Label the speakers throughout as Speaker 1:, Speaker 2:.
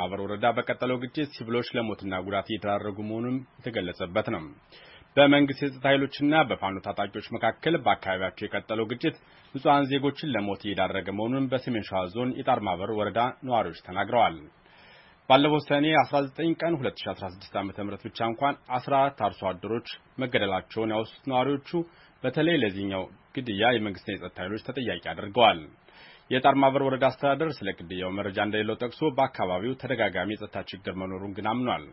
Speaker 1: ማበር ወረዳ በቀጠለው ግጭት ሲቪሎች ለሞትና ጉዳት እየተዳረጉ መሆኑም የተገለጸበት ነው። በመንግስት የጸጥታ ኃይሎችና በፋኖ ታጣቂዎች መካከል በአካባቢያቸው የቀጠለው ግጭት ንጹሐን ዜጎችን ለሞት እየዳረገ መሆኑን በሰሜን ሸዋ ዞን የጣርማበር ወረዳ ነዋሪዎች ተናግረዋል። ባለፈው ሰኔ 19 ቀን 2016 ዓ ም ብቻ እንኳን 14 አርሶ አደሮች መገደላቸውን ያወሱት ነዋሪዎቹ በተለይ ለዚህኛው ግድያ የመንግስትን የጸጥታ ኃይሎች ተጠያቂ አድርገዋል። ማበር ወረዳ አስተዳደር ስለ ግድያው መረጃ እንደሌለው ጠቅሶ በአካባቢው ተደጋጋሚ የጸጥታ ችግር መኖሩን ግን አምኗል።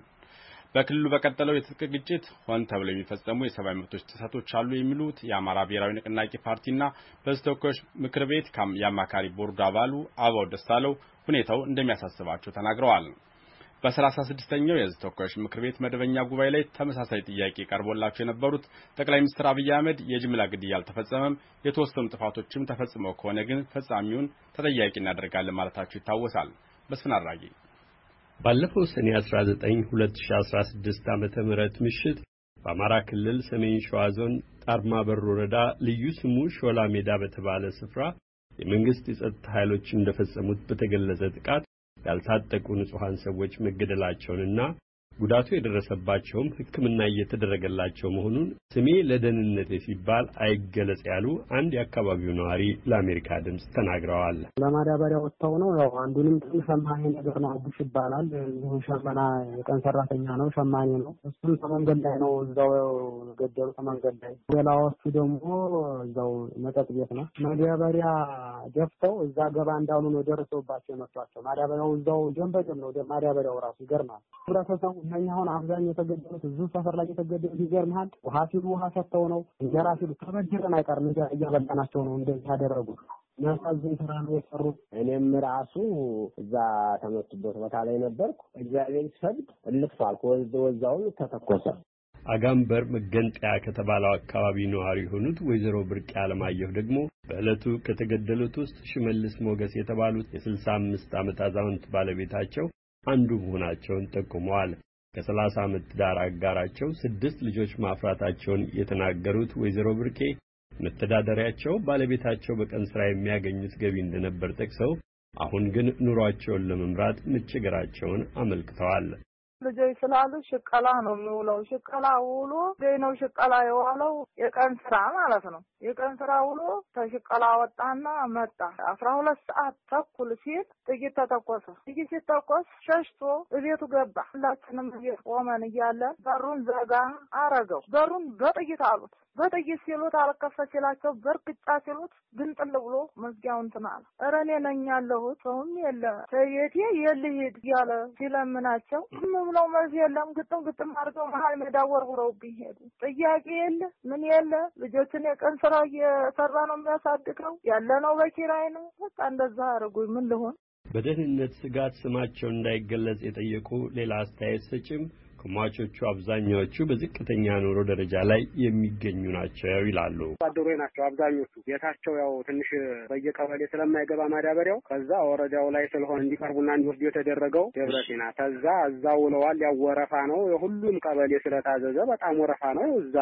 Speaker 1: በክልሉ በቀጠለው የትጥቅ ግጭት ሆን ተብለው የሚፈጸሙ የሰብአዊ መብቶች ጥሰቶች አሉ የሚሉት የአማራ ብሔራዊ ንቅናቄ ፓርቲና በሕዝብ ተወካዮች ምክር ቤት የአማካሪ ቦርዱ አባሉ አበባው ደሳለው ሁኔታው እንደሚያሳስባቸው ተናግረዋል። በ36ኛው የህዝብ ተወካዮች ምክር ቤት መደበኛ ጉባኤ ላይ ተመሳሳይ ጥያቄ ቀርቦላቸው የነበሩት ጠቅላይ ሚኒስትር አብይ አህመድ የጅምላ ግድያ አልተፈጸመም፣ የተወሰኑ ጥፋቶችም ተፈጽመው ከሆነ ግን ፈጻሚውን ተጠያቂ እናደርጋለን ማለታቸው ይታወሳል። መስፍን አራጌ
Speaker 2: ባለፈው ሰኔ 19 2016 ዓመተ ምሽት በአማራ ክልል ሰሜን ሸዋ ዞን ጣርማ በር ወረዳ ልዩ ስሙ ሾላ ሜዳ በተባለ ስፍራ የመንግስት የጸጥታ ኃይሎች እንደፈጸሙት በተገለጸ ጥቃት ያልታጠቁ ንጹሐን ሰዎች መገደላቸውንና ጉዳቱ የደረሰባቸውም ሕክምና እየተደረገላቸው መሆኑን ስሜ ለደህንነት ሲባል አይገለጽ ያሉ አንድ የአካባቢው ነዋሪ ለአሜሪካ ድምፅ ተናግረዋል።
Speaker 3: ለማዳበሪያ ወጥተው ነው። ያው አንዱንም ሸማኔ ነገር ነው፣ አቡሽ ይባላል። እዚሁ ሸመና የቀን ሰራተኛ ነው፣ ሸማኔ ነው። እሱም ከመንገድ ላይ ነው እዛው ገደሉ፣ ከመንገድ ላይ። ሌላዎቹ ደግሞ እዛው መጠጥ ቤት ነው። ማዳበሪያ ደፍተው እዛ ገባ እንዳሉ ነው ደርሰውባቸው የመቷቸው። ማዳበሪያው እዛው ደም በደም ነው ማዳበሪያው ራሱ ይገርማል። እነኛ አሁን አብዛኛው የተገደሉት እዚሁ ሰፈር ላይ የተገደሉት ይገርምሃል። ውሃ ሲሉ ውሃ ሰጥተው ነው፣ እንጀራ ሲሉ ተበድረን አይቀርም እንጀራ እያበላናቸው ነው እንደዚህ ያደረጉት። የሚያሳዝን ስራ ነው የሰሩት። እኔም ራሱ እዛ ተመቱበት ቦታ ላይ ነበርኩ። እግዚአብሔር ይፈቅድ እልፍ ወዛውን ተተኮሰ።
Speaker 2: አጋምበር መገንጠያ ከተባለው አካባቢ ነዋሪ የሆኑት ወይዘሮ ብርቅ አለማየሁ ደግሞ በዕለቱ ከተገደሉት ውስጥ ሽመልስ ሞገስ የተባሉት የስልሳ አምስት ዓመት አዛውንት ባለቤታቸው አንዱ መሆናቸውን ጠቁመዋል። ከ30 ዓመት ትዳር አጋራቸው ስድስት ልጆች ማፍራታቸውን የተናገሩት ወይዘሮ ብርቄ መተዳደሪያቸው ባለቤታቸው በቀን ሥራ የሚያገኙት ገቢ እንደነበር ጠቅሰው አሁን ግን ኑሯቸውን ለመምራት መቸገራቸውን አመልክተዋል።
Speaker 3: ልጆች ስላሉ ሽቀላ ነው የሚውለው። ሽቀላ ውሎ ነው ሽቀላ የዋለው የቀን ስራ ማለት ነው። የቀን ስራ ውሎ ተሽቀላ ወጣና መጣ። አስራ ሁለት ሰዓት ተኩል ሲል ጥይት ተተኮሰ። ጥይት ሲተኮስ ሸሽቶ እቤቱ ገባ። ሁላችንም እቤት ቆመን እያለ በሩን ዘጋ አረገው። በሩን በጥይት አሉት። በጥይት ሲሉት አልከፈ ሲላቸው በእርግጫ ሲሉት ግንጥል ብሎ መዝጊያውን እንትን አለ። እኔ ነኝ ያለሁት ሰውም የለ የቴ የልሂድ እያለ ሲለምናቸው ብለው መልስ የለም። ግጥም ግጥም አድርገው መሀል ሜዳ ወርውረውብኝ ሄዱ። ጥያቄ የለ ምን የለ። ልጆችን የቀን ስራ እየሰራ ነው የሚያሳድገው ያለ ነው በኪራይ ነው። በቃ እንደዛ አድርጉኝ። ምን ልሆን።
Speaker 2: በደህንነት ስጋት ስማቸው እንዳይገለጽ የጠየቁ ሌላ አስተያየት ሰጭም ከሟቾቹ አብዛኛዎቹ በዝቅተኛ ኑሮ ደረጃ ላይ የሚገኙ ናቸው ይላሉ።
Speaker 3: አደሮች ናቸው አብዛኞቹ። ቤታቸው ያው ትንሽ በየቀበሌ ስለማይገባ ማዳበሪያው ከዛ ወረዳው ላይ ስለሆነ እንዲቀርቡና እንዲወስዱ የተደረገው ደብረሲና ከዛ እዛ ውለዋል። ያው ወረፋ ነው የሁሉም ቀበሌ ስለታዘዘ በጣም ወረፋ ነው። እዛ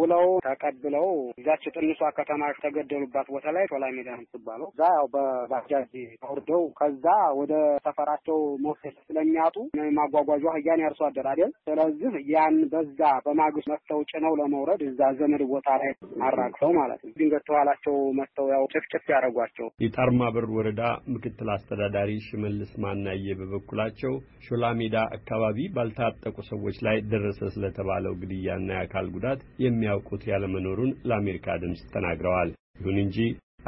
Speaker 3: ውለው ተቀብለው እዛች ጥንሷ ከተማ ተገደሉባት ቦታ ላይ ቶላ ሜዳ የምትባለው እዛ ያው በባጃጅ አውርደው ከዛ ወደ ሰፈራቸው መውሰድ ስለሚያጡ ማጓጓዣ አህያን ያርሶ አደር አይደል ስለዚህ ያን በዛ በማግስቱ መጥተው ጭነው ለመውረድ እዛ ዘመድ ቦታ ላይ አራግፈው ማለት ነው። ድንገት ከኋላቸው መጥተው ያው ጭፍጭፍ ያደረጓቸው።
Speaker 2: የጣርማ በር ወረዳ ምክትል አስተዳዳሪ ሽመልስ ማናየ በበኩላቸው ሾላ ሜዳ አካባቢ ባልታጠቁ ሰዎች ላይ ደረሰ ስለተባለው ግድያና የአካል ጉዳት የሚያውቁት ያለመኖሩን ለአሜሪካ ድምፅ ተናግረዋል። ይሁን እንጂ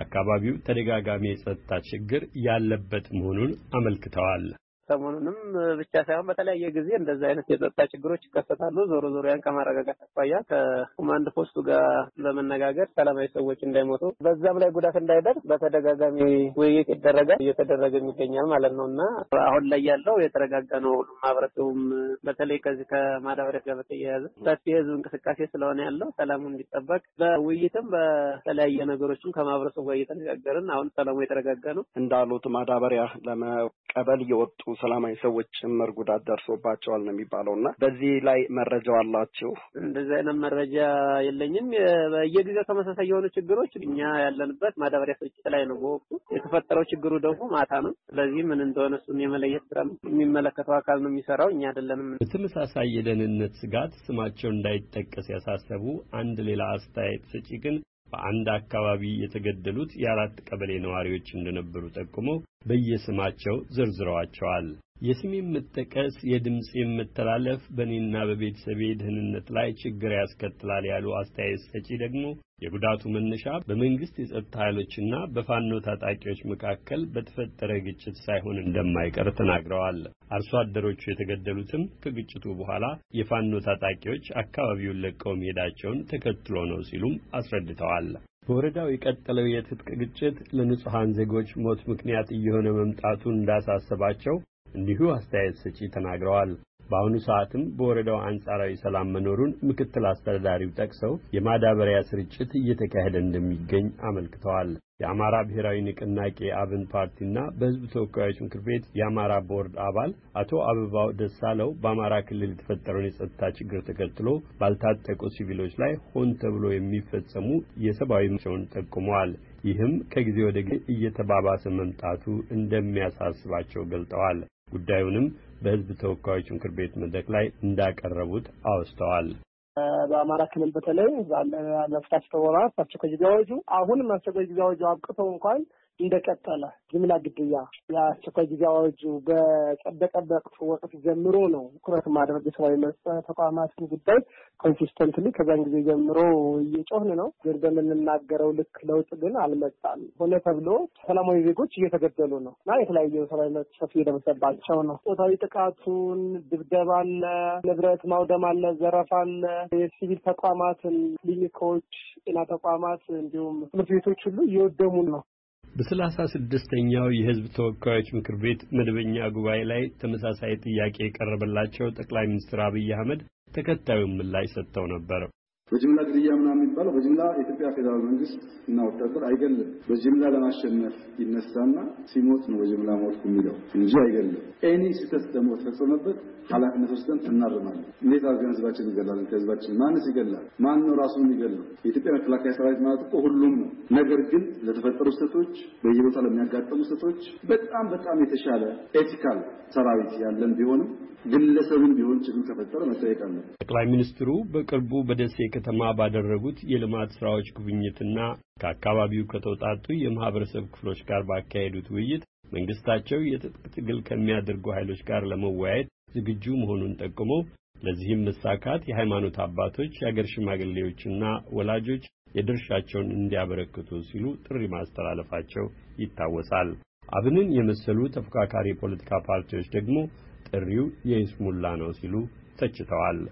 Speaker 2: አካባቢው ተደጋጋሚ የጸጥታ ችግር ያለበት መሆኑን አመልክተዋል።
Speaker 3: ሰሞኑንም ብቻ ሳይሆን በተለያየ ጊዜ እንደዚህ አይነት የጸጥታ ችግሮች ይከሰታሉ። ዞሮ ዞሮ ያን ከማረጋጋት አኳያ ከኮማንድ ፖስቱ ጋር በመነጋገር ሰላማዊ ሰዎች እንዳይሞቱ በዛም ላይ ጉዳት እንዳይደርስ በተደጋጋሚ ውይይት ይደረጋል እየተደረገ ይገኛል ማለት ነው እና አሁን ላይ ያለው የተረጋጋ ነው። ሁሉም ማህበረሰቡም በተለይ ከዚህ ከማዳበሪያ ጋር በተያያዘ ሰፊ የህዝብ እንቅስቃሴ ስለሆነ ያለው ሰላሙ እንዲጠበቅ በውይይትም በተለያየ ነገሮችም ከማህበረሰቡ ጋር እየተነጋገርን አሁን ሰላሙ የተረጋጋ ነው። እንዳሉት ማዳበሪያ ለመቀበል የወጡ ሰላማዊ ሰዎች ጭምር ጉዳት ደርሶባቸዋል ነው የሚባለው እና በዚህ ላይ መረጃው አላችሁ? እንደዚህ አይነት መረጃ የለኝም። በየጊዜው ተመሳሳይ የሆኑ ችግሮች እኛ ያለንበት ማዳበሪያ ስርጭት ላይ ነው በወቅቱ የተፈጠረው። ችግሩ ደግሞ ማታ ነው። ስለዚህ ምን እንደሆነ እሱን የመለየት ስራ የሚመለከተው አካል ነው የሚሰራው፣ እኛ አይደለንም።
Speaker 2: በተመሳሳይ የደህንነት ስጋት ስማቸው እንዳይጠቀስ ያሳሰቡ አንድ ሌላ አስተያየት ሰጪ ግን በአንድ አካባቢ የተገደሉት የአራት ቀበሌ ነዋሪዎች እንደነበሩ ጠቁመው በየስማቸው ዘርዝረዋቸዋል። የስም የምጠቀስ የድምፅ የምተላለፍ በእኔና በቤተሰቤ ደህንነት ላይ ችግር ያስከትላል ያሉ አስተያየት ሰጪ ደግሞ የጉዳቱ መነሻ በመንግስት የጸጥታ ኃይሎችና በፋኖ ታጣቂዎች መካከል በተፈጠረ ግጭት ሳይሆን እንደማይቀር ተናግረዋል። አርሶ አደሮቹ የተገደሉትም ከግጭቱ በኋላ የፋኖ ታጣቂዎች አካባቢውን ለቀው መሄዳቸውን ተከትሎ ነው ሲሉም አስረድተዋል። በወረዳው የቀጠለው የትጥቅ ግጭት ለንጹሐን ዜጎች ሞት ምክንያት እየሆነ መምጣቱን እንዳሳሰባቸው እንዲሁ አስተያየት ሰጪ ተናግረዋል። በአሁኑ ሰዓትም በወረዳው አንጻራዊ ሰላም መኖሩን ምክትል አስተዳዳሪው ጠቅሰው የማዳበሪያ ስርጭት እየተካሄደ እንደሚገኝ አመልክተዋል። የአማራ ብሔራዊ ንቅናቄ አብን ፓርቲና በሕዝብ ተወካዮች ምክር ቤት የአማራ ቦርድ አባል አቶ አበባው ደሳለው በአማራ ክልል የተፈጠረውን የጸጥታ ችግር ተከትሎ ባልታጠቁ ሲቪሎች ላይ ሆን ተብሎ የሚፈጸሙ የሰብአዊ መቸውን ጠቁመዋል። ይህም ከጊዜ ወደ ጊዜ እየተባባሰ መምጣቱ እንደሚያሳስባቸው ገልጠዋል። ጉዳዩንም በህዝብ ተወካዮች ምክር ቤት መድረክ ላይ እንዳቀረቡት አውስተዋል።
Speaker 3: በአማራ ክልል በተለይ ባለ አስቸኳይ ጊዜ አዋጁ አሁንም አስቸኳይ ጊዜ አዋጁ አብቅተው እንኳን እንደቀጠለ ጅምላ ግድያ የአስቸኳይ ጊዜ አዋጁ በጸደቀበት ወቅት ጀምሮ ነው ትኩረት ማድረግ የሰብአዊ መብት ተቋማትን ጉዳይ ኮንሲስተንትሊ ከዛን ጊዜ ጀምሮ እየጮህን ነው። ግን በምንናገረው ልክ ለውጥ ግን አልመጣም። ሆነ ተብሎ ሰላማዊ ዜጎች እየተገደሉ ነው እና የተለያየ ሰብአዊ መብት ጥሰት እየደረሰባቸው ነው። ጾታዊ ጥቃቱን፣ ድብደባ አለ፣ ንብረት ማውደም አለ፣ ዘረፋ አለ። የሲቪል ተቋማትን፣ ክሊኒኮች፣ ጤና ተቋማት እንዲሁም ትምህርት ቤቶች ሁሉ እየወደሙ ነው።
Speaker 2: በሰላሳ ስድስተኛው የህዝብ ተወካዮች ምክር ቤት መደበኛ ጉባኤ ላይ ተመሳሳይ ጥያቄ የቀረበላቸው ጠቅላይ ሚኒስትር አብይ አህመድ ተከታዩን ምላሽ ሰጥተው ነበር።
Speaker 1: በጅምላ ግድያ ምናምን የሚባለው በጅምላ የኢትዮጵያ ፌዴራል መንግስት እና ወታደር አይገልም። በጅምላ ለማሸነፍ ይነሳና ሲሞት ነው በጅምላ ሞትኩ የሚለው እንጂ አይገልም። ኤኒ ስህተት ደግሞ ተፈጸመበት ኃላፊነት ወስደን እናርማለን። እንዴት አድርገን ህዝባችን ይገላል? ከህዝባችን ማንስ ይገላል? ማን ነው ራሱን የሚገለው? የኢትዮጵያ መከላከያ ሰራዊት ማለት እኮ ሁሉም ነው። ነገር ግን ለተፈጠሩ ስህተቶች፣ በየቦታ ለሚያጋጠሙ ስህተቶች በጣም በጣም የተሻለ ኤቲካል ሰራዊት ያለን ቢሆንም ግለሰብን ቢሆን ችግር ከፈጠረ መጠየቅ አለን።
Speaker 2: ጠቅላይ ሚኒስትሩ በቅርቡ በደሴ ከተማ ባደረጉት የልማት ስራዎች ጉብኝትና ከአካባቢው ከተውጣጡ የማህበረሰብ ክፍሎች ጋር ባካሄዱት ውይይት መንግስታቸው የትጥቅ ትግል ከሚያደርጉ ኃይሎች ጋር ለመወያየት ዝግጁ መሆኑን ጠቁሞ ለዚህም መሳካት የሃይማኖት አባቶች፣ የአገር ሽማግሌዎችና ወላጆች የድርሻቸውን እንዲያበረክቱ ሲሉ ጥሪ ማስተላለፋቸው ይታወሳል። አብንን የመሰሉ ተፎካካሪ የፖለቲካ ፓርቲዎች ደግሞ ጥሪው የይስሙላ ነው ሲሉ ተችተዋል።